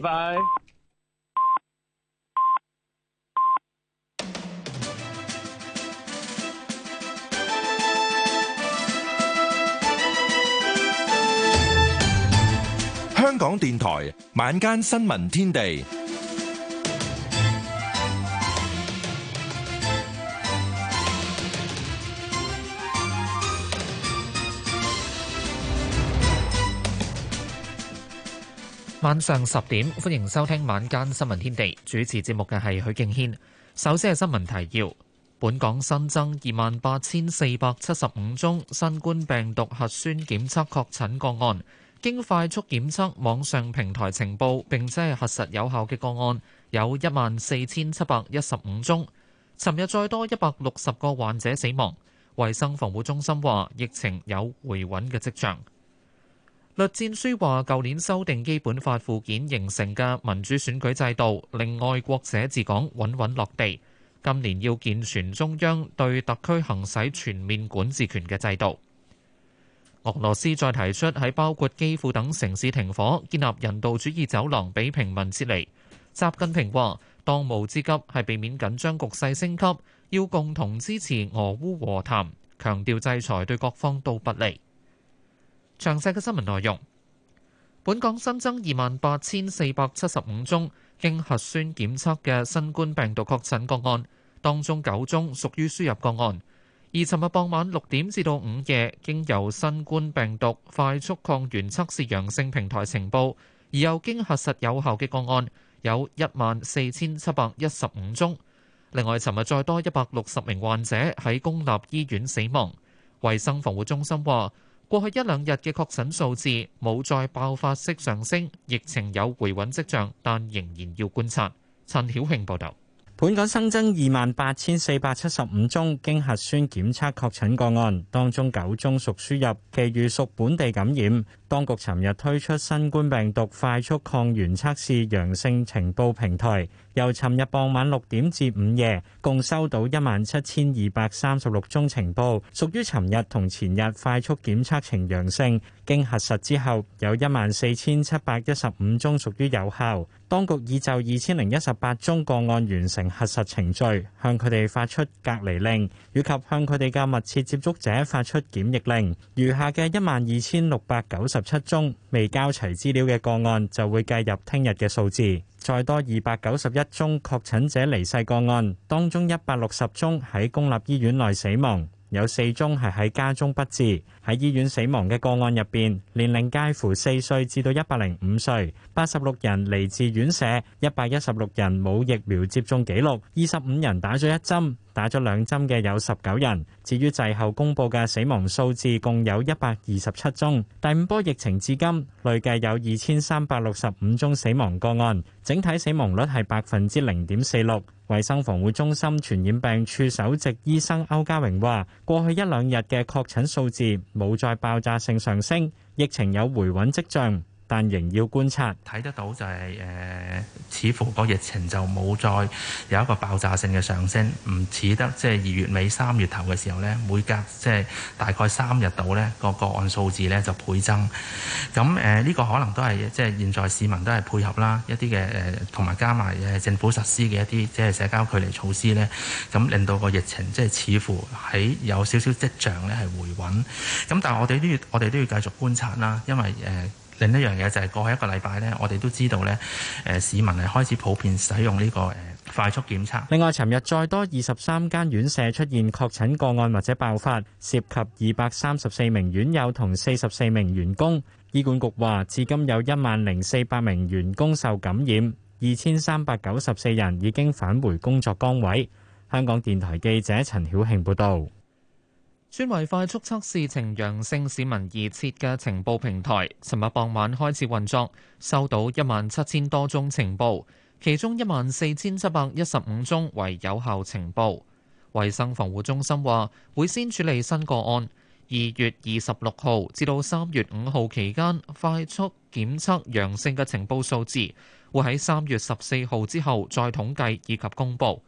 拜拜香港電台晚間新聞天地。晚上十點，歡迎收聽晚間新聞天地。主持節目嘅係許敬軒。首先係新聞提要：本港新增二萬八千四百七十五宗新冠病毒核酸檢測確診個案，經快速檢測網上平台情報，並且係核實有效嘅個案有一萬四千七百一十五宗。尋日再多一百六十個患者死亡。衛生防護中心話，疫情有回穩嘅跡象。栗戰書話：舊年修訂基本法附件形成嘅民主選舉制度，令愛國者治港穩穩落地。今年要健全中央對特區行使全面管治權嘅制度。俄羅斯再提出喺包括基輔等城市停火、建立人道主義走廊俾平民撤離。習近平話：當務之急係避免緊張局勢升級，要共同支持俄烏和談，強調制裁對各方都不利。詳細嘅新聞內容，本港新增二萬八千四百七十五宗經核酸檢測嘅新冠病毒確診個案，當中九宗屬於輸入個案。而尋日傍晚六點至到午夜，經由新冠病毒快速抗原測試陽性平台呈報而又經核實有效嘅個案有一萬四千七百一十五宗。另外，尋日再多一百六十名患者喺公立醫院死亡。衞生防護中心話，過去一兩日嘅確診數字冇再爆發式上升，疫情有回穩跡象，但仍然要觀察。陳曉慶報導，本港新增二萬八千四百七十五宗經核酸檢測確診個案，當中九宗屬輸入，其餘屬本地感染。當局尋日推出新冠病毒快速抗原測試陽性情報平台，由尋日傍晚六點至午夜，共收到一萬七千二百三十六宗情報，屬於尋日同前日快速檢測呈陽性，經核實之後，有一萬四千七百一十五宗屬於有效。當局已就二千零一十八宗個案完成核實程序，向佢哋發出隔離令，以及向佢哋嘅密切接觸者發出檢疫令。餘下嘅一萬二千六百九十七宗未交齊資料嘅個案就會計入聽日嘅數字。再多二百九十一宗確診者離世個案，當中一百六十宗喺公立醫院內死亡，有四宗係喺家中不治。喺醫院死亡嘅個案入面，年齡介乎四歲至到一百零五歲，八十六人嚟自院舍，一百一十六人冇疫苗接種記錄，二十五人打咗一針。打咗兩針嘅有十九人。至於滯後公佈嘅死亡數字，共有一百二十七宗。第五波疫情至今累計有二千三百六十五宗死亡個案，整體死亡率係百分之零點四六。衛生防護中心傳染病處首席醫生歐家榮話，過去一兩日嘅確診數字冇再爆炸性上升，疫情有回穩跡象。但仍要觀察，睇得到就係誒，似乎個疫情就冇再有一個爆炸性嘅上升，唔似得即係二月尾三月頭嘅時候呢，每隔即係大概三日到呢，個個案數字呢就倍增。咁誒呢個可能都係即係現在市民都係配合啦，一啲嘅誒同埋加埋政府實施嘅一啲即係社交距離措施呢，咁令到個疫情即係似乎喺有少少跡象呢係回穩。咁但係我哋都要我哋都要繼續觀察啦，因為誒。另一樣嘢就係過去一個禮拜呢，我哋都知道呢，誒市民係開始普遍使用呢個誒快速檢測。另外，尋日再多二十三間院舍出現確診個案或者爆發，涉及二百三十四名院友同四十四名員工。醫管局話，至今有一萬零四百名員工受感染，二千三百九十四人已經返回工作崗位。香港電台記者陳曉慶報導。專為快速測試呈陽性市民而設嘅情報平台，尋日傍晚開始運作，收到一萬七千多宗情報，其中一萬四千七百一十五宗為有效情報。衛生防護中心話，會先處理新個案。二月二十六號至到三月五號期間，快速檢測陽性嘅情報數字，會喺三月十四號之後再統計以及公佈。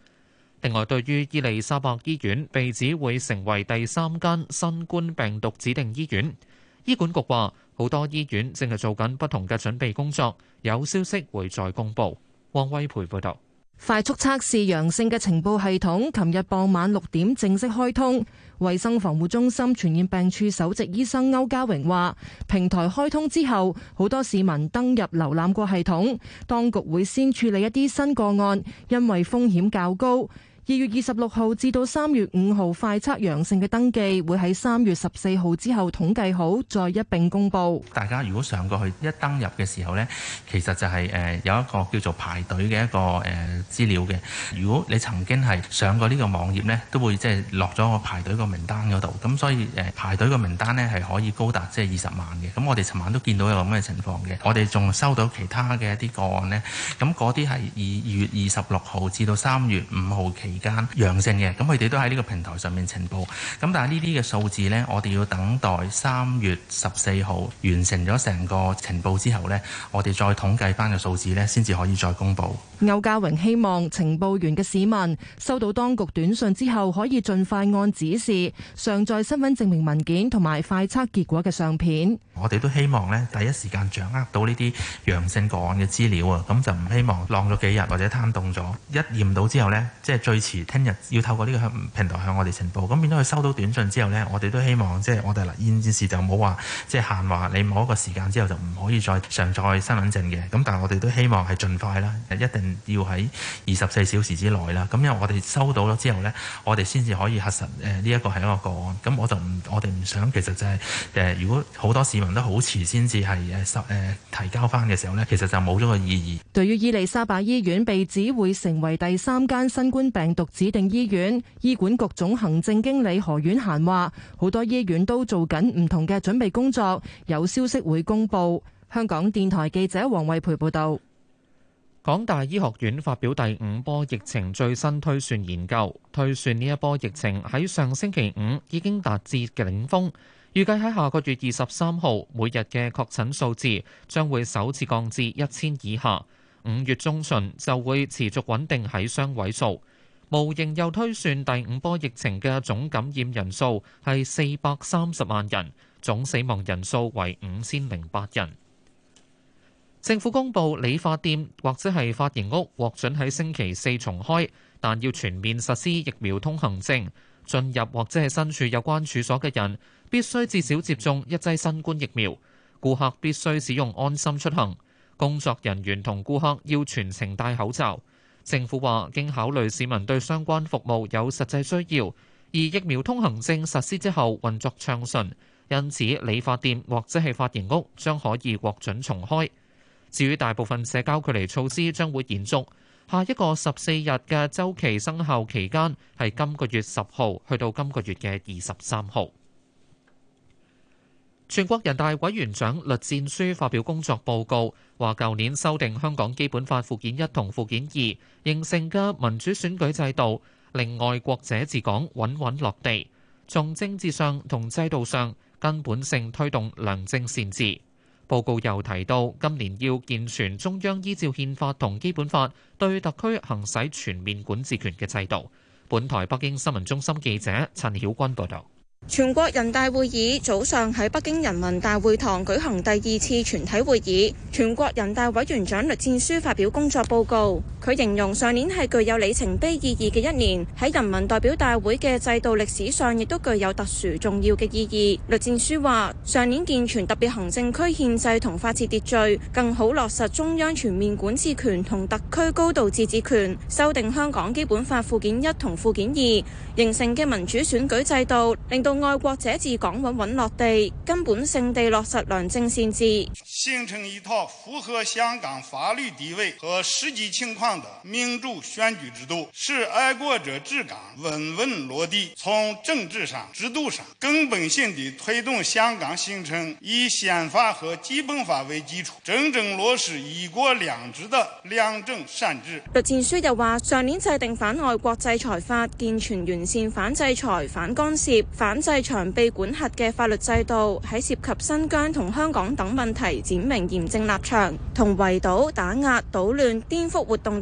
另外，對於伊利沙伯醫院被指會成為第三間新冠病毒指定醫院，醫管局話好多醫院正係做緊不同嘅準備工作，有消息會再公布。汪威培報導。快速測試陽性嘅情報系統，琴日傍晚六點正式開通。衞生防護中心傳染病處首席醫生歐家榮話：平台開通之後，好多市民登入瀏覽過系統。當局會先處理一啲新個案，因為風險較高。二月二十六號至到三月五號快測陽性嘅登記，會喺三月十四號之後統計好，再一並公佈。大家如果上過去一登入嘅時候呢，其實就係誒有一個叫做排隊嘅一個誒資料嘅。如果你曾經係上過呢個網頁呢，都會即係落咗個排隊個名單嗰度。咁所以誒排隊個名單呢，係可以高達即係二十萬嘅。咁我哋尋晚都見到有咁嘅情況嘅。我哋仲收到其他嘅一啲個案呢，咁嗰啲係二月二十六號至到三月五號期。而家陽性嘅，咁佢哋都喺呢個平台上面呈報，咁但係呢啲嘅數字咧，我哋要等待三月十四號完成咗成個呈報之後咧，我哋再統計翻嘅數字咧，先至可以再公布。歐家榮希望呈報完嘅市民收到當局短信之後，可以盡快按指示上載身份證明文件同埋快測結果嘅相片。我哋都希望咧，第一時間掌握到呢啲陽性個案嘅資料啊，咁就唔希望浪咗幾日或者攤凍咗。一驗到之後咧，即係最。遲聽日要透過呢個平台向我哋呈報，咁變咗佢收到短信之後呢，我哋都希望即係、就是、我哋嗱，現時就冇話即係限話你某一個時間之後就唔可以再上載身份證嘅。咁但係我哋都希望係盡快啦，一定要喺二十四小時之內啦。咁因為我哋收到咗之後呢，我哋先至可以核實誒呢一個係一個個案。咁我就唔我哋唔想其實就係、是、誒，如果好多市民都好遲先至係誒申提交返嘅時候呢，其實就冇咗個意義。對於伊利沙伯醫院被指會成為第三間新冠病毒指定醫院，醫管局總行政經理何婉嫻話，好多醫院都做緊唔同嘅準備工作，有消息會公布。香港電台記者黃慧培報道。港大醫學院發表第五波疫情最新推算研究，推算呢一波疫情喺上星期五已經達至嘅頂峰，預計喺下個月二十三號每日嘅確診數字將會首次降至一千以下，五月中旬就會持續穩定喺雙位數。模型又推算第五波疫情嘅總感染人數係四百三十萬人，總死亡人數為五千零八人。政府公布理髮店或者係髮型屋獲准喺星期四重開，但要全面實施疫苗通行證，進入或者係身處有關處所嘅人必須至少接種一劑新冠疫苗。顧客必須使用安心出行，工作人員同顧客要全程戴口罩。政府話經考慮市民對相關服務有實際需要，而疫苗通行證實施之後運作暢順，因此理髮店或者係髮型屋將可以獲准重開。至於大部分社交距離措施將會延續，下一個十四日嘅週期生效期間係今個月十號去到今個月嘅二十三號。全國人大委員長栗戰書發表工作報告，話：舊年修訂香港基本法附件一同附件二，形成嘅民主選舉制度，令愛國者治港穩穩落地，從政治上同制度上根本性推動良政善治。報告又提到，今年要健全中央依照憲法同基本法對特區行使全面管治權嘅制度。本台北京新聞中心記者陳曉君報道。全國人大會議早上喺北京人民大會堂舉行第二次全體會議，全國人大委員長栗戰書發表工作報告。佢形容上年係具有里程碑意義嘅一年，喺人民代表大會嘅制度歷史上亦都具有特殊重要嘅意義。栗戰書話上年健全特別行政區憲制同法治秩序，更好落實中央全面管治權同特區高度自治權，修訂香港基本法附件一同附件二，形成嘅民主選舉制度，令到愛國者治港穩穩落地，根本性地落實良政善治。形成一套符合香港法律地位和實際情況。民主選舉制度是愛國者治港穩穩落地，從政治上、制度上根本性地推動香港形成以憲法和基本法為基礎，真正落實一國兩制的良政善治。栗戰書又話：上年制定反外國制裁法，健全完善反制裁、反干涉、反制強被管轄嘅法律制度，喺涉及新疆同香港等問題，闡明嚴正立場，同圍堵、打壓、搗亂、顛覆活動。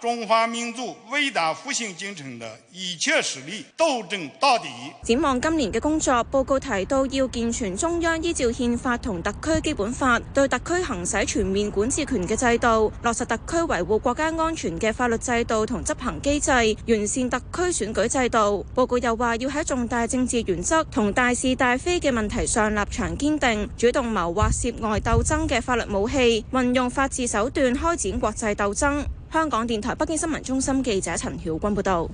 中華民族偉大復興進程的一切勢力鬥爭到底。展望今年嘅工作報告提到，要健全中央依照憲法同特區基本法對特區行使全面管治權嘅制度，落實特區維護國家安全嘅法律制度同執行機制，完善特區選舉制度。報告又話要喺重大政治原則同大是大非嘅問題上立場堅定，主動謀劃涉外鬥爭嘅法律武器，運用法治手段開展國際鬥爭。香港電台北京新聞中心記者陳曉君報道：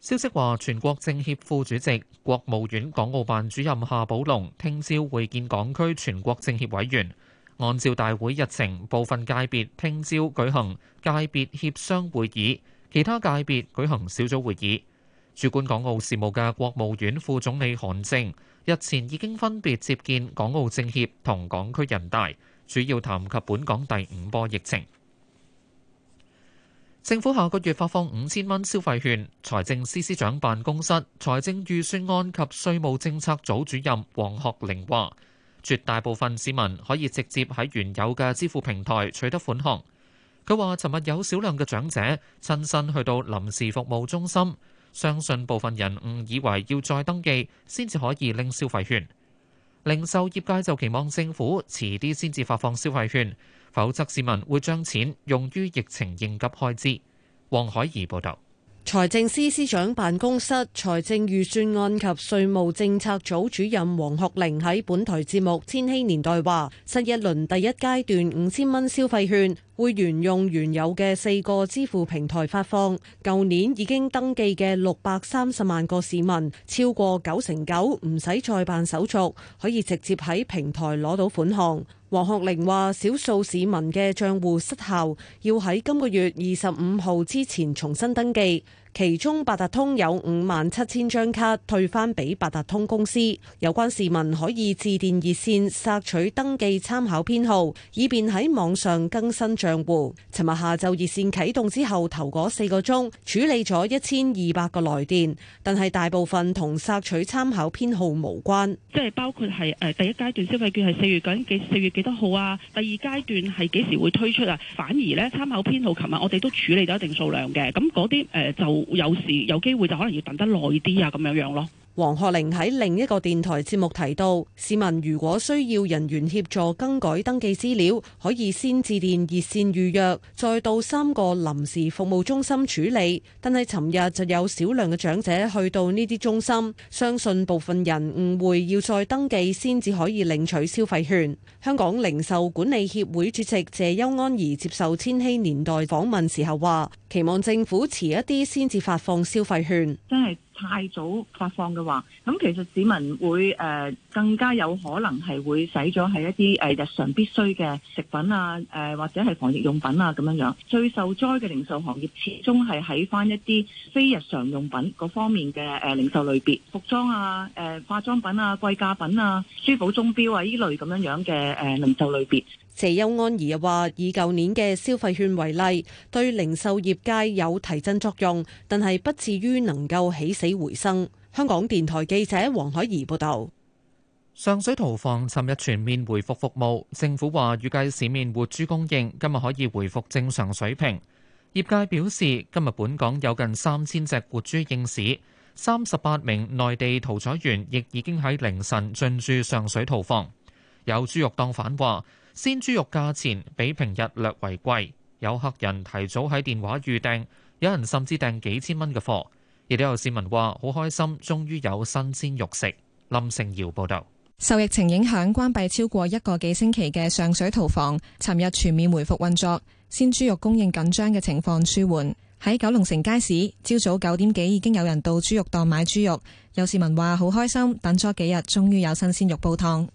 消息話，全國政協副主席、國務院港澳辦主任夏寶龍聽朝會見港區全國政協委員。按照大會日程，部分界別聽朝舉行界別協商會議，其他界別舉行小組會議。主管港澳事務嘅國務院副總理韓正日前已經分別接見港澳政協同港區人大，主要談及本港第五波疫情。政府下個月發放五千蚊消費券，財政司司長辦公室、財政預算案及稅務政策組主任黃學玲話：絕大部分市民可以直接喺原有嘅支付平台取得款項。佢話：尋日有少量嘅長者親身去到臨時服務中心，相信部分人誤以為要再登記先至可以拎消費券。零售業界就期望政府遲啲先至發放消費券，否則市民會將錢用於疫情應急開支。黃海怡報導，財政司司長辦公室財政預算案及稅務政策組主任黃學玲喺本台節目《千禧年代》話：新一輪第一階段五千蚊消費券，會沿用原有嘅四個支付平台發放，舊年已經登記嘅六百三十萬個市民，超過九成九唔使再辦手續，可以直接喺平台攞到款項。黃學玲話：少數市民嘅賬戶失效，要喺今個月二十五號之前重新登記。其中八達通有五萬七千張卡退翻俾八達通公司，有關市民可以致電熱線索取登記參考編號，以便喺網上更新賬戶。尋日下晝熱線啟動之後，頭嗰四個鐘處理咗一千二百個來電，但係大部分同索取參考編號無關，即係包括係誒第一階段消費券係四月幾四月幾多號啊？第二階段係幾時會推出啊？反而呢參考編號，尋日我哋都處理咗一定數量嘅，咁嗰啲誒就。有時有機會就可能要等得耐啲啊，咁樣樣咯。黃學玲喺另一個電台節目提到，市民如果需要人員協助更改登記資料，可以先致電熱線預約，再到三個臨時服務中心處理。但係尋日就有少量嘅長者去到呢啲中心，相信部分人誤會要再登記先至可以領取消費券。香港零售管理協會主席謝邱安怡接受《千禧年代》訪問時候話，期望政府遲一啲先至發放消費券，真、嗯太早發放嘅話，咁其實市民會誒、呃、更加有可能係會使咗係一啲誒日常必需嘅食品啊，誒、呃、或者係防疫用品啊咁樣樣。最受災嘅零售行業始終係喺翻一啲非日常用品嗰方面嘅誒零售類別，服裝啊、誒、呃、化妝品啊、貴價品啊、珠寶鐘錶啊呢類咁樣樣嘅誒零售類別。謝邱安儀又話：以舊年嘅消費券為例，對零售業界有提振作用，但係不至於能夠起死回生。香港電台記者黃海怡報導。上水屠房尋日全面恢復服務，政府話預計市面活豬供應今日可以恢復正常水平。業界表示，今日本港有近三千隻活豬應市，三十八名內地屠宰員亦已經喺凌晨進駐上水屠房。有豬肉檔販話。鮮豬肉價錢比平日略為貴，有客人提早喺電話預訂，有人甚至訂幾千蚊嘅貨。亦都有市民話好開心，終於有新鮮肉食。林盛瑤報道，受疫情影響關閉超過一個幾星期嘅上水屠房，尋日全面回復運作，鮮豬肉供應緊張嘅情況舒緩。喺九龍城街市，朝早九點幾已經有人到豬肉檔買豬肉，有市民話好開心，等咗幾日，終於有新鮮肉煲湯。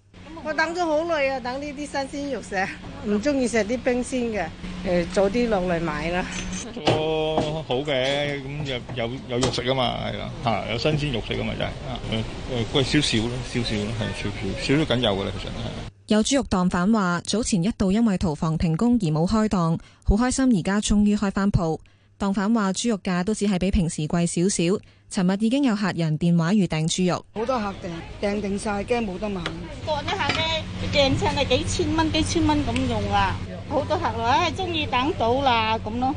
我等咗好耐啊，等呢啲新鮮肉食，唔中意食啲冰鮮嘅，誒、呃、早啲落嚟買啦。哦，好嘅，咁、嗯、有有有肉食啊嘛，係啦，吓、啊、有新鮮肉食啊嘛，就係，誒誒貴少少咯，少少咯，係少少，少都緊有噶啦，其實有豬肉檔販話，早前一度因為屠房停工而冇開檔，好開心而家終於開翻鋪。檔販話豬肉價都只係比平時貴少少。尋日已經有客人電話預訂豬肉，好多客訂訂定晒，驚冇得買。過一下咧，驚青啊，幾千蚊、幾千蚊咁用啊。好多客啊，哎，中意，等到啦咁咯。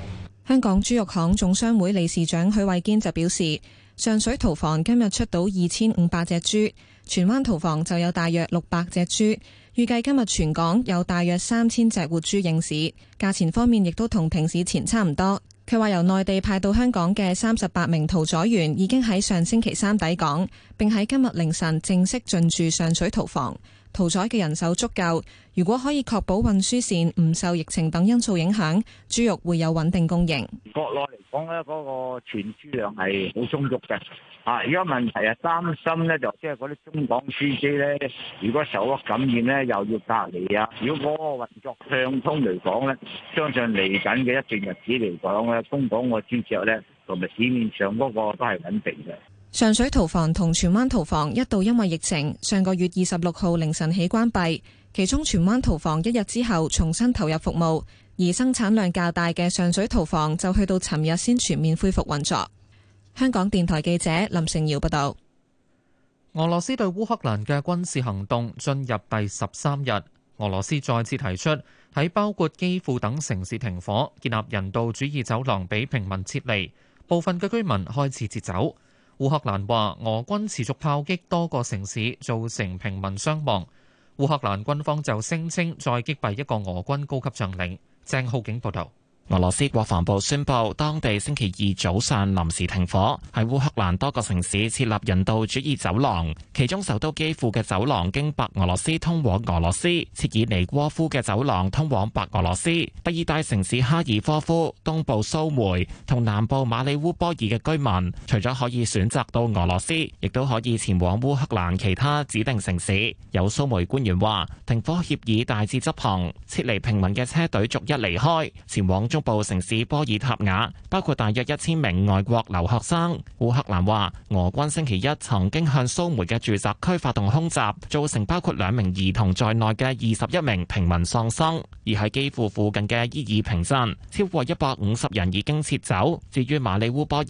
香港豬肉行總商會理事長許偉堅就表示，上水屠房今日出到二千五百隻豬，荃灣屠房就有大約六百隻豬，預計今日全港有大約三千隻活豬應市，價錢方面亦都同停市前差唔多。佢話：由內地派到香港嘅三十八名屠宰員已經喺上星期三抵港，並喺今日凌晨正式進駐上水屠房。屠宰嘅人手足夠，如果可以確保運輸線唔受疫情等因素影響，豬肉會有穩定供應。國內嚟講咧，嗰個存豬量係好充足嘅。啊，而家問題啊，擔心咧就即係嗰啲中港司機咧，如果受咗感染咧，又要隔離啊。如果嗰個運作暢通嚟講咧，相信嚟緊嘅一段日子嚟講咧，中港個豬隻咧同埋市面上嗰個都係穩定嘅。上水屠房同荃灣屠房一度因為疫情，上個月二十六號凌晨起關閉。其中荃灣屠房一日之後重新投入服務，而生產量較大嘅上水屠房就去到尋日先全面恢復運作。香港電台記者林成堯報道。俄羅斯對烏克蘭嘅軍事行動進入第十三日，俄羅斯再次提出喺包括基輔等城市停火，建立人道主義走廊俾平民撤離，部分嘅居民開始撤走。烏克蘭話，俄軍持續炮擊多個城市，造成平民傷亡。烏克蘭軍方就聲稱再擊斃一個俄軍高級將領。鄭浩景報道。俄羅斯國防部宣布，當地星期二早上臨時停火，喺烏克蘭多個城市設立人道主義走廊，其中首都基輔嘅走廊經白俄羅斯通往俄羅斯，切爾尼戈夫嘅走廊通往白俄羅斯。第二大城市哈爾科夫東部蘇梅同南部馬里烏波爾嘅居民，除咗可以選擇到俄羅斯，亦都可以前往烏克蘭其他指定城市。有蘇梅官員話，停火協議大致執行，撤離平民嘅車隊逐一離開，前往中部城市波爾塔瓦，包括大約一千名外國留學生。烏克蘭話，俄軍星期一曾經向蘇梅嘅住宅區發動空襲，造成包括兩名兒童在內嘅二十一名平民喪生。而喺基輔附近嘅伊爾平鎮，超過一百五十人已經撤走。至於馬里烏波爾，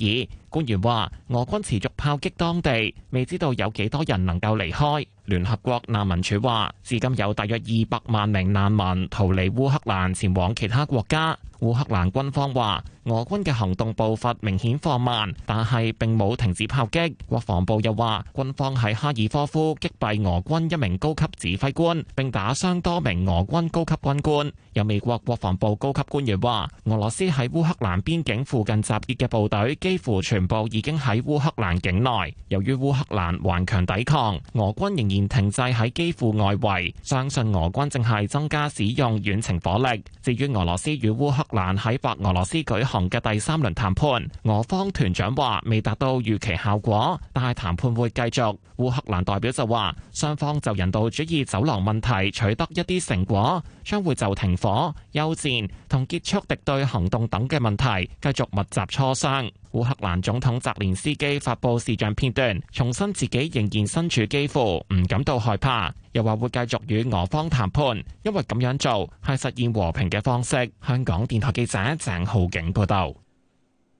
官員話俄軍持續炮擊當地，未知道有幾多人能夠離開。聯合國難民署話，至今有大約二百萬名難民逃離烏克蘭，前往其他國家。烏克蘭軍方話，俄軍嘅行動步伐明顯放慢，但係並冇停止炮擊。國防部又話，軍方喺哈爾科夫擊斃俄軍一名高級指揮官，並打傷多名俄軍高級軍官。有美國國防部高級官員話，俄羅斯喺烏克蘭邊境附近集結嘅部隊幾乎全部已經喺烏克蘭境內。由於烏克蘭頑強抵抗，俄軍仍然停滯喺基輔外圍，相信俄軍正係增加使用遠程火力。至於俄羅斯與烏克蘭，蘭喺白俄羅斯舉行嘅第三輪談判，俄方團長話未達到預期效果，但係談判會繼續。烏克蘭代表就話，雙方就人道主義走廊問題取得一啲成果，將會就停火、休戰同結束敵對行動等嘅問題繼續密集磋商。烏克蘭總統澤連斯基發佈視像片段，重申自己仍然身處基輔，唔感到害怕，又話會繼續與俄方談判，因為咁樣做係實現和平嘅方式。香港電台記者鄭浩景報道。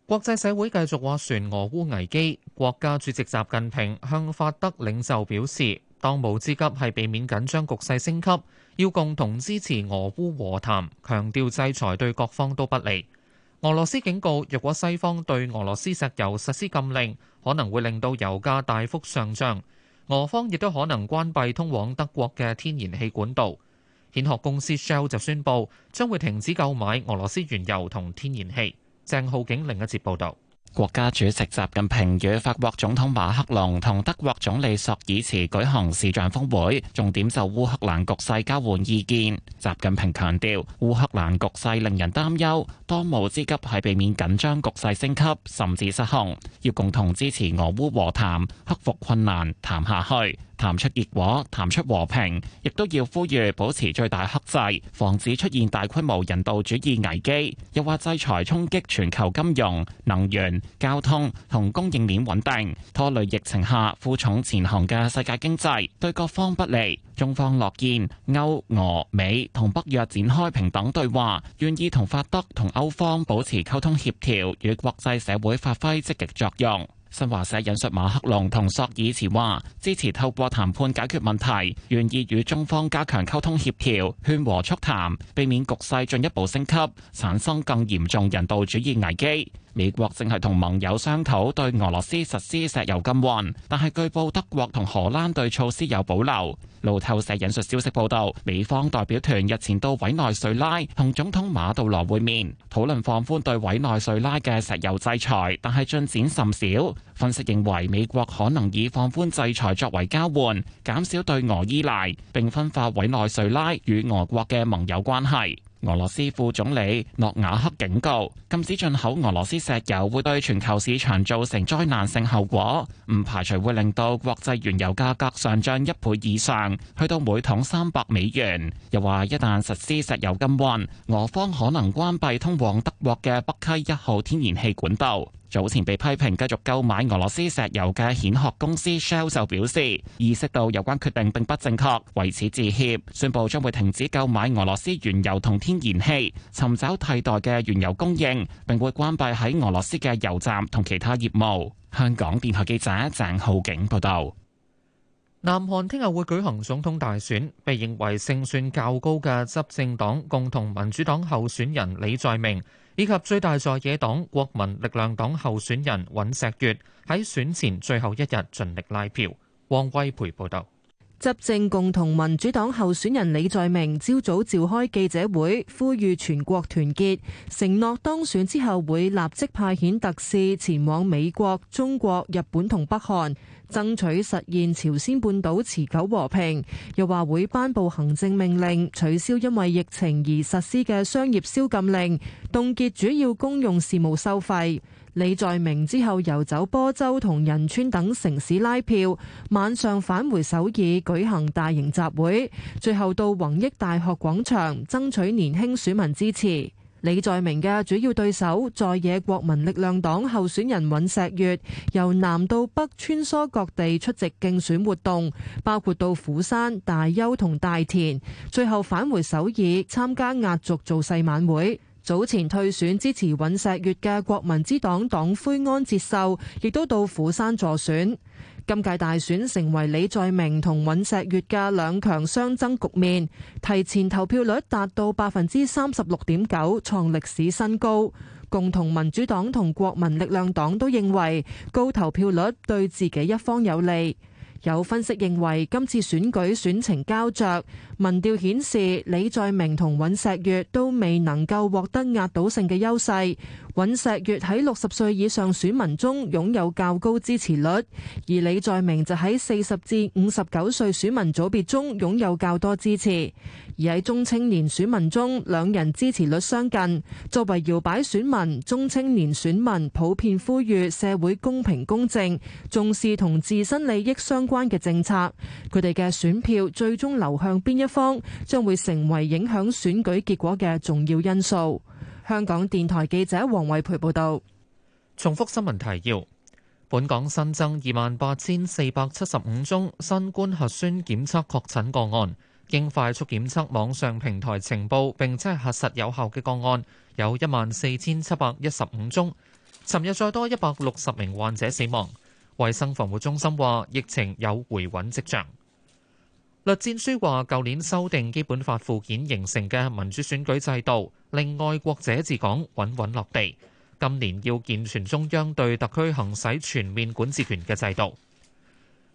國際社會繼續斡旋俄烏危機。國家主席習近平向法德領袖表示，當務之急係避免緊張局勢升級，要共同支持俄烏和談，強調制裁對各方都不利。俄羅斯警告，若果西方對俄羅斯石油實施禁令，可能會令到油價大幅上漲。俄方亦都可能關閉通往德國嘅天然氣管道。蜆殼公司 Shell 就宣布將會停止購買俄羅斯原油同天然氣。鄭浩景另一節報導。國家主席習近平與法國總統馬克龍同德國總理索爾茨舉行視像峰會，重點就烏克蘭局勢交換意見。習近平強調，烏克蘭局勢令人擔憂，當務之急係避免緊張局勢升級，甚至失控，要共同支持俄烏和談，克服困難，談下去。談出結果，談出和平，亦都要呼籲保持最大克制，防止出現大規模人道主義危機，又或制裁衝擊全球金融、能源、交通同供應鏈穩定，拖累疫情下負重前行嘅世界經濟，對各方不利。中方樂見歐、俄、美同北約展開平等對話，願意同法德同歐方保持溝通協調，與國際社會發揮積極作用。新華社引述馬克龍同索爾茨話，支持透過談判解決問題，願意與中方加強溝通協調，勸和促談，避免局勢進一步升級，產生更嚴重人道主義危機。美國正係同盟友商討對俄羅斯實施石油禁運，但係據報德國同荷蘭對措施有保留。路透社引述消息報道，美方代表團日前到委內瑞拉同總統馬杜羅會面，討論放寬對委內瑞拉嘅石油制裁，但係進展甚少。分析認為美國可能以放寬制裁作為交換，減少對俄依賴，並分化委內瑞拉與俄國嘅盟友關係。俄羅斯副總理諾瓦克警告，禁止進口俄羅斯石油會對全球市場造成災難性後果，唔排除會令到國際原油價格上漲一倍以上，去到每桶三百美元。又話一旦實施石油禁運，俄方可能關閉通往德國嘅北溪一號天然氣管道。早前被批評繼續購買俄羅斯石油嘅蜆殼公司 Shell 就表示意識到有關決定並不正確，為此致歉，宣佈將會停止購買俄羅斯原油同天然氣，尋找替代嘅原油供應，並會關閉喺俄羅斯嘅油站同其他業務。香港電台記者鄭浩景報道。南韓聽日會舉行總統大選，被認為勝算較高嘅執政黨共同民主黨候選人李在明，以及最大在野黨國民力量黨候選人尹錫悅喺選前最後一日盡力拉票。汪威培報道。執政共同民主黨候選人李在明朝早召開記者會，呼籲全國團結，承諾當選之後會立即派遣特使前往美國、中國、日本同北韓，爭取實現朝鮮半島持久和平。又話會頒布行政命令，取消因為疫情而實施嘅商業宵禁令，凍結主要公用事務收費。李在明之後遊走波州同仁川等城市拉票，晚上返回首爾舉行大型集會，最後到弘益大學廣場爭取年輕選民支持。李在明嘅主要對手在野國民力量黨候選人尹錫悅由南到北穿梭各地出席競選活動，包括到釜山、大邱同大田，最後返回首爾參加壓軸造勢晚會。早前退選支持尹錫悅嘅國民之黨黨魁安哲秀，亦都到釜山助選。今屆大選成為李在明同尹錫悅嘅兩強相爭局面，提前投票率達到百分之三十六點九，創歷史新高。共同民主黨同國民力量黨都認為高投票率對自己一方有利。有分析認為，今次選舉選情膠著。民調顯示李在明同尹錫悅都未能夠獲得壓倒性嘅優勢。尹錫悅喺六十歲以上選民中擁有較高支持率，而李在明就喺四十至五十九歲選民組別中擁有較多支持。而喺中青年選民中，兩人支持率相近。作為搖擺選民，中青年選民普遍呼籲社會公平公正，重視同自身利益相關嘅政策。佢哋嘅選票最終流向邊一方，將會成為影響選舉結果嘅重要因素。香港電台記者黃偉培報道。重複新聞提要：本港新增二萬八千四百七十五宗新冠核酸檢測確診個案。經快速檢測網上平台情報，並且核實有效嘅個案有一萬四千七百一十五宗。尋日再多一百六十名患者死亡。衛生防護中心話疫情有回穩迹象。栗戰書話，舊年修訂基本法附件形成嘅民主選舉制度，令愛國者治港穩穩落地。今年要健全中央對特區行使全面管治權嘅制度。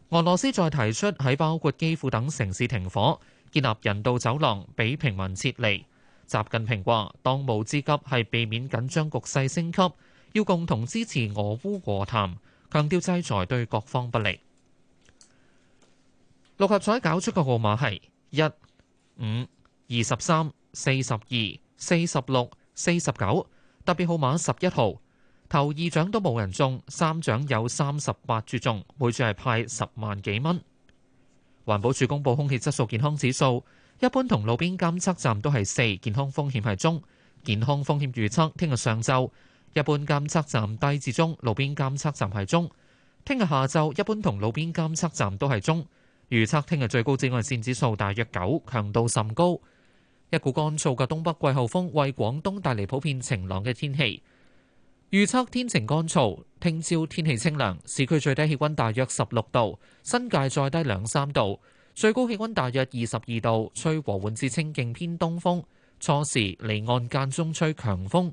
俄羅斯再提出喺包括基輔等城市停火。建立人道走廊，俾平民撤離。習近平話：當務之急係避免緊張局勢升級，要共同支持俄烏和談。強調制裁對各方不利。六合彩搞出個號碼係一五二十三四十二四十六四十九，1, 5, 23, 42, 46, 49, 特別號碼十一號。頭二獎都冇人中，三獎有三十八注中，每注係派十萬幾蚊。環保署公布空氣質素健康指數，一般同路邊監測站都係四，健康風險係中。健康風險預測聽日上晝，一般監測站低至中，路邊監測站係中。聽日下晝，一般同路邊監測站都係中。預測聽日最高紫外線指數大約九，強度甚高。一股乾燥嘅東北季候風為廣東帶嚟普遍晴朗嘅天氣。預測天晴乾燥，聽朝天氣清涼，市區最低氣溫大約十六度，新界再低兩三度，最高氣溫大約二十二度，吹和緩至清勁偏東風，初時離岸間中吹強風。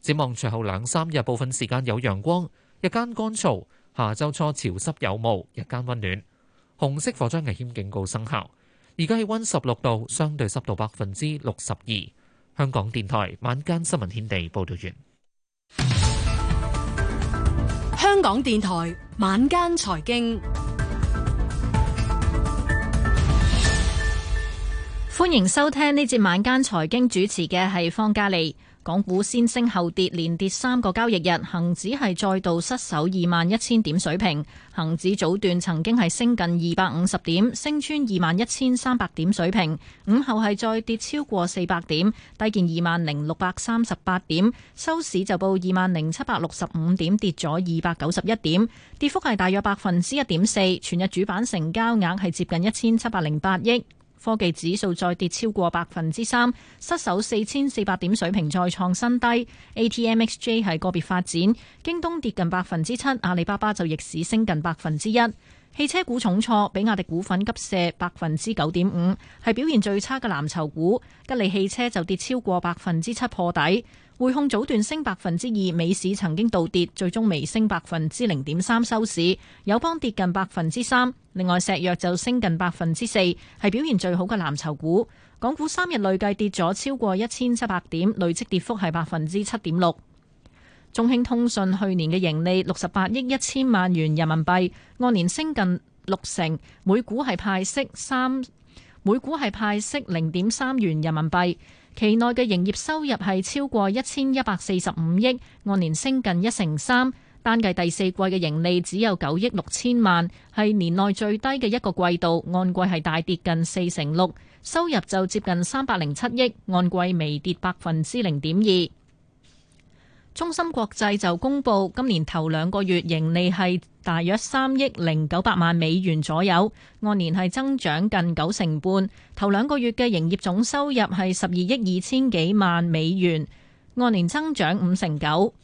展望隨後兩三日，部分時間有陽光，日間乾燥，下周初潮濕有霧，日間溫暖。紅色火災危險警告生效，而家氣溫十六度，相對濕度百分之六十二。香港電台晚間新聞天地報道完。香港電台晚間財經，歡迎收聽呢節晚間財經，主持嘅係方嘉利。港股先升後跌，連跌三個交易日，恒指係再度失守二萬一千點水平。恒指早段曾經係升近二百五十點，升穿二萬一千三百點水平，午後係再跌超過四百點，低見二萬零六百三十八點，收市就報二萬零七百六十五點，跌咗二百九十一點，跌幅係大約百分之一點四。全日主板成交額係接近一千七百零八億。科技指數再跌超過百分之三，失守四千四百點水平，再創新低。ATMXJ 係個別發展，京東跌近百分之七，阿里巴巴就逆市升近百分之一。汽車股重挫，比亞迪股份急瀉百分之九點五，係表現最差嘅藍籌股。吉利汽車就跌超過百分之七破底。匯控早段升百分之二，美市曾經倒跌，最終微升百分之零點三收市。友邦跌近百分之三，另外石藥就升近百分之四，係表現最好嘅藍籌股。港股三日累計跌咗超過一千七百點，累積跌幅係百分之七點六。中興通訊去年嘅盈利六十八億一千萬元人民幣，按年升近六成，每股係派息三，每股係派息零點三元人民幣。期內嘅營業收入係超過一千一百四十五億，按年升近一成三。單計第四季嘅盈利只有九億六千萬，係年內最低嘅一個季度，按季係大跌近四成六。收入就接近三百零七億，按季微跌百分之零點二。中芯國際就公布今年頭兩個月盈利係大約三億零九百萬美元左右，按年係增長近九成半。頭兩個月嘅營業總收入係十二億二千幾萬美元，按年增長五成九。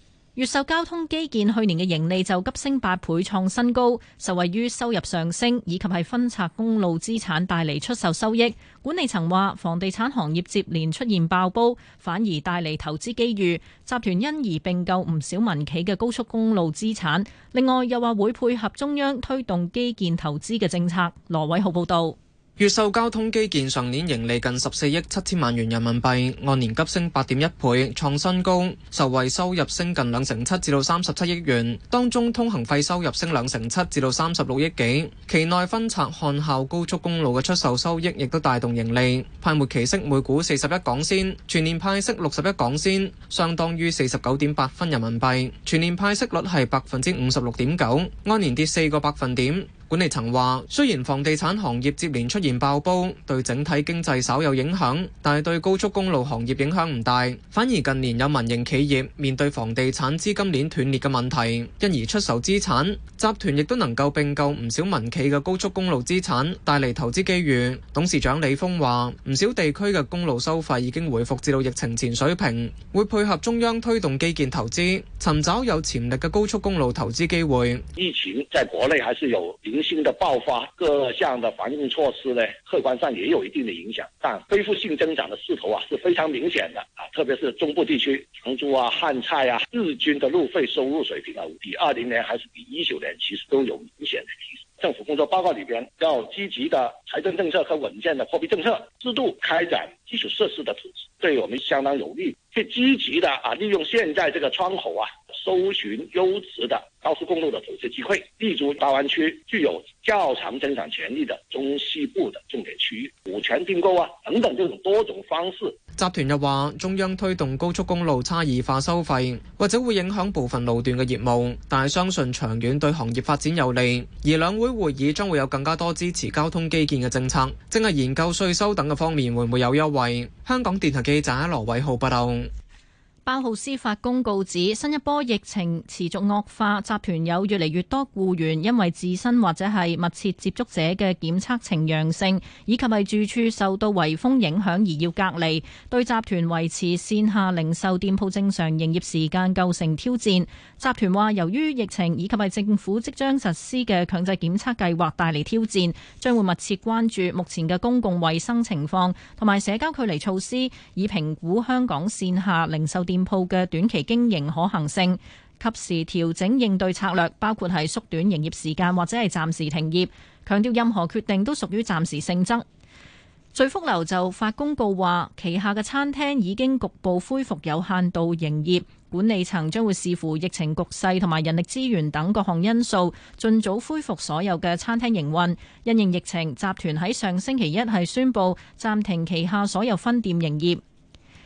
越秀交通基建去年嘅盈利就急升八倍，創新高，受惠於收入上升以及係分拆公路資產帶嚟出售收益。管理層話房地產行業接連出現爆煲，反而帶嚟投資機遇。集團因而併購唔少民企嘅高速公路資產，另外又話會配合中央推動基建投資嘅政策。羅偉浩報道。越秀交通基建上年盈利近十四億七千萬元人民幣，按年急升八點一倍，創新高，受惠收入升近兩成七，至到三十七億元，當中通行費收入升兩成七，至到三十六億幾。期內分拆漢孝高速公路嘅出售收益，亦都帶動盈利。派末期息每股四十一港仙，全年派息六十一港仙，相當於四十九點八分人民幣，全年派息率係百分之五十六點九，按年跌四個百分點。管理層話，雖然房地產行業接連出現爆煲，對整體經濟稍有影響，但係對高速公路行業影響唔大。反而近年有民營企業面對房地產資金鏈斷裂嘅問題，因而出售資產。集團亦都能夠併購唔少民企嘅高速公路資產，帶嚟投資機遇。董事長李峰話，唔少地區嘅公路收費已經回復至到疫情前水平，會配合中央推動基建投資，尋找有潛力嘅高速公路投資機會。以前在國內還是有新的爆發，各項的防控措施呢，客觀上也有一定的影響，但恢復性增長的勢頭啊是非常明顯的啊，特別是中部地區長株啊、漢菜啊，日均的路費收入水平啊，比二零年還是比一九年其實都有明顯的提升。政府工作報告裏邊要積極的財政政策和穩健的貨幣政策適度開展基礎設施的投資，對我們相當有利，去積極的啊利用現在這個窗口啊，搜尋優質的。高速公路嘅投資機會，立足大灣區具有較長增長潛力嘅中西部的重點區域，股權併購啊等等這種多種方式。集團又話中央推動高速公路差異化收費或者會影響部分路段嘅業務，但係相信長遠對行業發展有利。而兩會會議將會有更加多支持交通基建嘅政策，正係研究稅收等嘅方面會唔會有優惠。香港電台記者羅偉浩報道。八號司法公告指，新一波疫情持續惡化，集團有越嚟越多雇員因為自身或者係密切接觸者嘅檢測呈陽性，以及係住處受到圍封影響而要隔離，對集團維持線下零售店鋪正常營業時間構成挑戰。集團話，由於疫情以及係政府即將實施嘅強制檢測計劃帶嚟挑戰，將會密切關注目前嘅公共衛生情況同埋社交距離措施，以評估香港線下零售店鋪店鋪嘅短期經營可行性，及時調整應對策略，包括係縮短營業時間或者係暫時停業。強調任何決定都屬於暫時性質。聚福樓就發公告話，旗下嘅餐廳已經局部恢復，恢復有限度營業，管理層將會視乎疫情局勢同埋人力資源等各項因素，盡早恢復所有嘅餐廳營運。因應疫情，集團喺上星期一係宣布暫停旗下所有分店營業。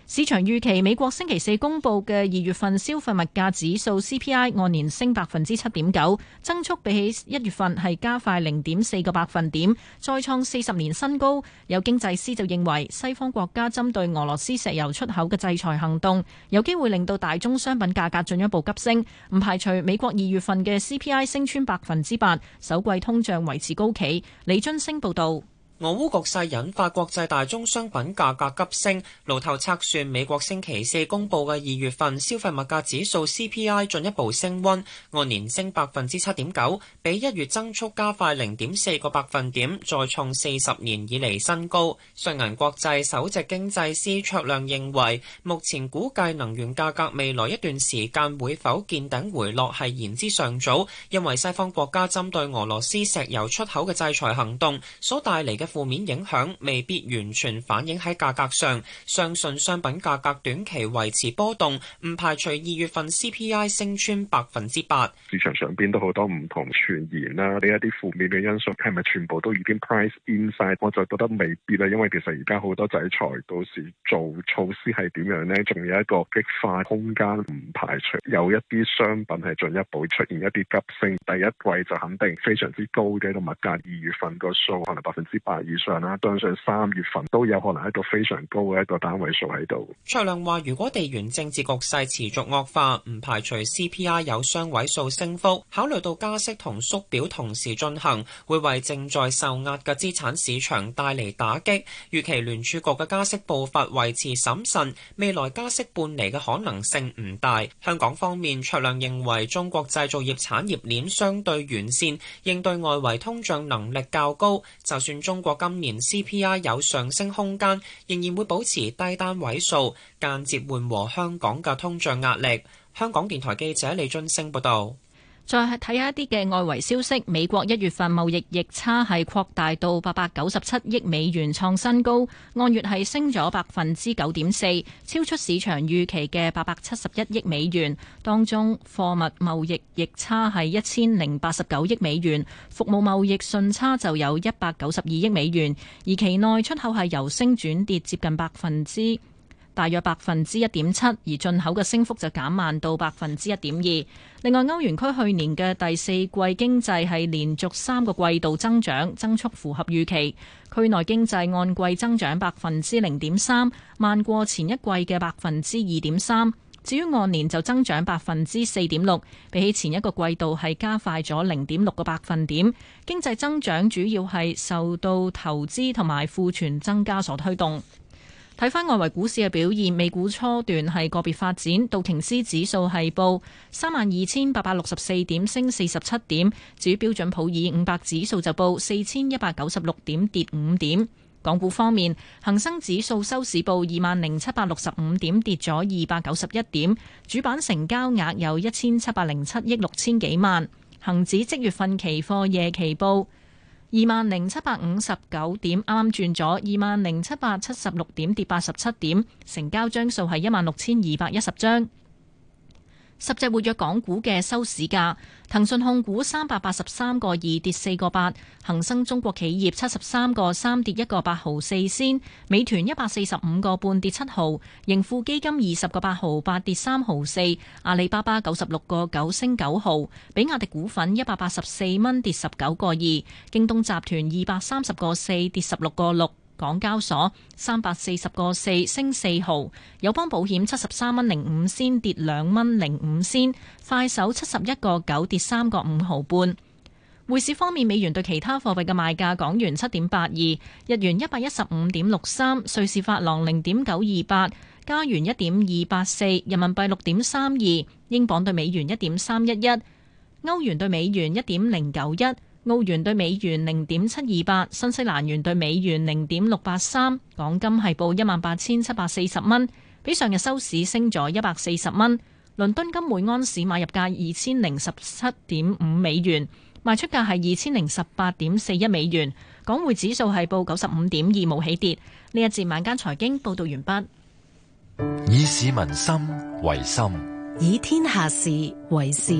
市場預期美國星期四公布嘅二月份消費物價指數 CPI 按年升百分之七點九，增速比起一月份係加快零點四個百分點，再創四十年新高。有經濟師就認為，西方國家針對俄羅斯石油出口嘅制裁行動，有機會令到大宗商品價格進一步急升，唔排除美國二月份嘅 CPI 升穿百分之八，首季通脹維持高企。李津升報道。俄烏局勢引發國際大宗商品價格急升，路透測算美國星期四公布嘅二月份消費物價指數 CPI 進一步升温，按年升百分之七點九，比一月增速加快零點四個百分點，再創四十年以嚟新高。信銀國際首席經濟師卓亮認為，目前估計能源價格未來一段時間會否見頂回落係言之尚早，因為西方國家針對俄羅斯石油出口嘅制裁行動所帶嚟嘅。負面影響未必完全反映喺價格上，相信商品價格短期維持波動，唔排除二月份 CPI 升穿百分之八。市場上邊都好多唔同傳言啦，呢一啲負面嘅因素係咪全部都已經 price in 晒？我就覺得未必啦，因為其實而家好多制裁，到時做措施係點樣咧？仲有一個激化空間，唔排除有一啲商品係進一步出現一啲急升。第一季就肯定非常之高嘅一個物價，二月份個數可能百分之八。以上啦，加上三月份都有可能喺一個非常高嘅一個單位數喺度。卓亮話：如果地緣政治局勢持續惡化，唔排除 CPI 有雙位數升幅。考慮到加息同縮表同時進行，會為正在受壓嘅資產市場帶嚟打擊。預期聯儲局嘅加息步伐維持審慎，未來加息半厘嘅可能性唔大。香港方面，卓亮認為中國製造業產業鏈相對完善，應對外圍通脹能力較高。就算中國如果今年 CPI 有上升空間，仍然會保持低單位數，間接緩和香港嘅通脹壓力。香港電台記者李俊升報道。再睇下一啲嘅外圍消息，美國一月份貿易逆差係擴大到八百九十七億美元，創新高，按月係升咗百分之九點四，超出市場預期嘅八百七十一億美元。當中貨物貿易逆差係一千零八十九億美元，服務貿易順差就有一百九十二億美元，而期內出口係由升轉跌，接近百分之。大約百分之一點七，而進口嘅升幅就減慢到百分之一點二。另外，歐元區去年嘅第四季經濟係連續三個季度增長，增速符合預期。區內經濟按季增長百分之零點三，慢過前一季嘅百分之二點三。至於按年就增長百分之四點六，比起前一個季度係加快咗零點六個百分點。經濟增長主要係受到投資同埋庫存增加所推動。睇翻外圍股市嘅表現，美股初段係個別發展，道瓊斯指數係報三萬二千八百六十四點，升四十七點，至於標準普爾五百指數就報四千一百九十六點，跌五點。港股方面，恒生指數收市報二萬零七百六十五點，跌咗二百九十一點，主板成交額有一千七百零七億六千幾萬。恒指即月份期貨夜期報。二萬零七百五十九點，啱啱轉咗，二萬零七百七十六點，跌八十七點，成交張數係一萬六千二百一十張。十隻活躍港股嘅收市價，騰訊控股三百八十三個二跌四個八，恒生中國企業七十三個三跌一個八毫四仙，美團一百四十五個半跌七毫，盈富基金二十個八毫八跌三毫四，阿里巴巴九十六個九升九毫，比亞迪股份一百八十四蚊跌十九個二，京東集團二百三十個四跌十六個六。港交所三百四十個四升四毫，友邦保險七十三蚊零五仙跌兩蚊零五仙，快手七十一個九跌三個五毫半。匯市方面，美元對其他貨幣嘅賣價，港元七點八二，日元一百一十五點六三，瑞士法郎零點九二八，加元一點二八四，人民幣六點三二，英鎊對美元一點三一一，歐元對美元一點零九一。澳元兌美元零點七二八，新西蘭元兌美元零點六八三，港金係報一萬八千七百四十蚊，比上日收市升咗一百四十蚊。倫敦金每安士買入價二千零十七點五美元，賣出價係二千零十八點四一美元。港匯指數係報九十五點二，無起跌。呢一節晚間財經報道完畢。以市民心為心，以天下事為事。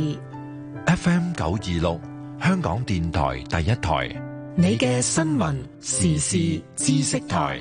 F.M. 九二六。香港電台第一台，你嘅新聞時事知識台。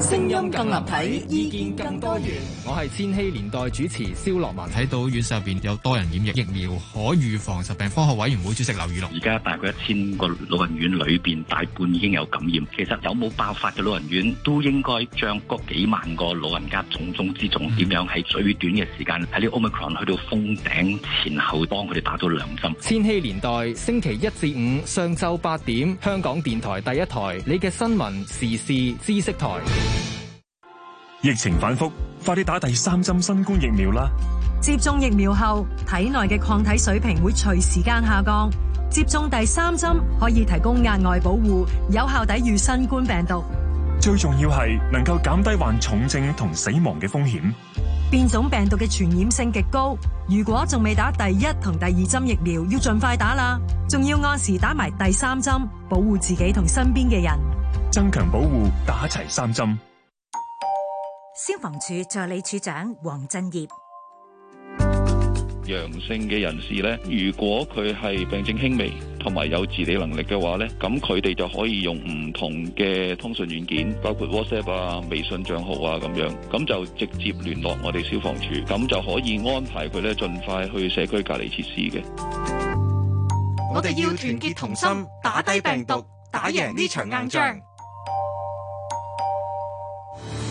聲音更立體，意見更多元。我係千禧年代主持蕭樂文，睇到院舍入邊有多人染疫，疫苗可預防疾病。科學委員會主席劉宇龍，而家大概一千個老人院裏邊，大半已經有感染。其實有冇爆發嘅老人院，都應該將嗰幾萬個老人家重中之重，點、嗯、樣喺最短嘅時間喺呢個 omicron 去到封頂前後，幫佢哋打到兩針。千禧年代星期一至五上晝八點，香港電台第一台，你嘅新聞時事知識台。疫情反覆，快啲打第三針新冠疫苗啦！接種疫苗後，體內嘅抗體水平會隨時間下降。接種第三針可以提供額外保護，有效抵禦新冠病毒。最重要係能夠減低患重症同死亡嘅風險。變種病毒嘅傳染性極高，如果仲未打第一同第二針疫苗，要盡快打啦！仲要按時打埋第三針，保護自己同身邊嘅人。增強保護，打齊三針。消防處助理處長黃振業：陽性嘅人士呢，如果佢係病症輕微，同埋有，有自理能力嘅話呢，咁佢哋就可以用唔同嘅通訊軟件，包括 WhatsApp 啊、微信賬號啊咁樣，咁就直接聯絡我哋消防處，咁就可以安排佢咧盡快去社區隔離設施嘅。我哋要團結同心，打低病毒，打贏呢場硬仗。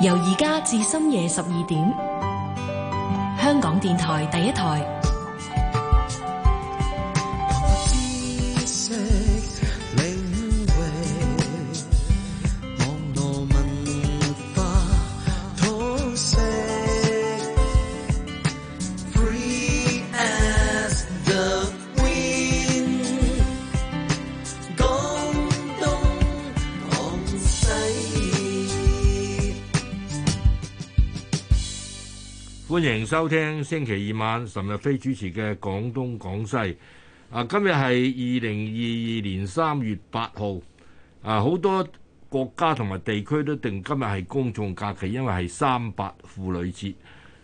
由而家至深夜十二點，香港電台第一台。歡迎收聽星期二晚岑日飛主持嘅《廣東廣西》啊。今日係二零二二年三月八號啊，好多國家同埋地區都定今日係公眾假期，因為係三八婦女節。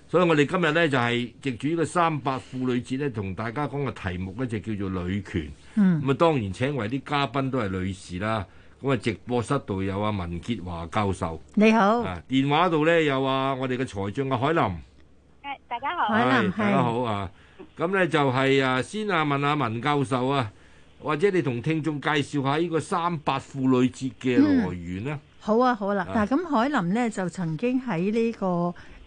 所以我哋今日呢就係、是、藉住呢個三八婦女節呢同大家講嘅題目呢就叫做女權。咁啊、嗯，當然請嚟啲嘉賓都係女士啦。咁啊，直播室度有阿、啊、文潔華教授，你好啊。電話度呢有啊我，我哋嘅財政阿海琳。大家好，海林，是大家好啊！咁咧就係啊，先啊問下文教授啊，或者你同聽眾介紹下呢個三八婦女節嘅來源咧。好啊，好啦、啊，嗱是，咁海林咧就曾經喺呢個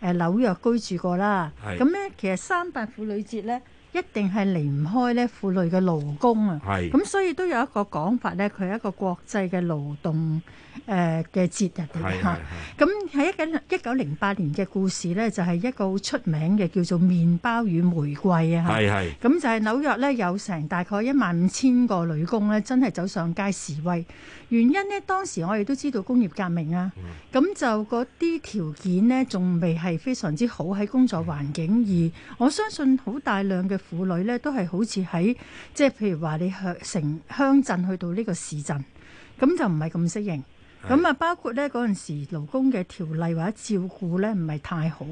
誒紐約居住過啦。咁咧是，其實三八婦女節咧，一定係離唔開咧婦女嘅勞工啊！咁是、嗯、所以都有一個講法咧，佢係一個國際嘅勞動誒嘅、呃、節日嚟、啊、嚇。咁喺一九一九零八年嘅故事咧，就係、是、一個好出名嘅叫做《麵包與玫瑰》啊！咁、嗯、就係、是、紐約咧，有成大概一萬五千個女工咧，真係走上街示威。原因呢，當時我哋都知道工業革命啊，咁、嗯、就嗰啲條件呢，仲未係非常之好喺工作環境，而我相信好大量嘅。婦女咧都係好似喺即係譬如話你去城鄉鎮去到呢個市鎮，咁就唔係咁適應。咁啊，嗯、包括咧陣時勞工嘅條例或者照顧咧，唔係太好。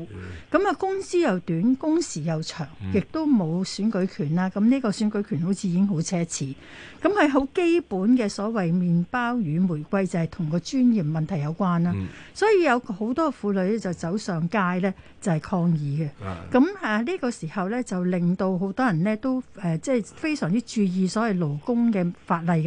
咁啊、嗯，工資又短，工時又長，亦、嗯、都冇選舉權啦。咁呢個選舉權好似已經好奢侈。咁係好基本嘅所謂麵包與玫瑰，就係同個專業問題有關啦。嗯、所以有好多婦女咧就走上街咧，就係抗議嘅。咁啊、嗯，呢個時候咧，就令到好多人咧都誒即係非常之注意所謂勞工嘅法例。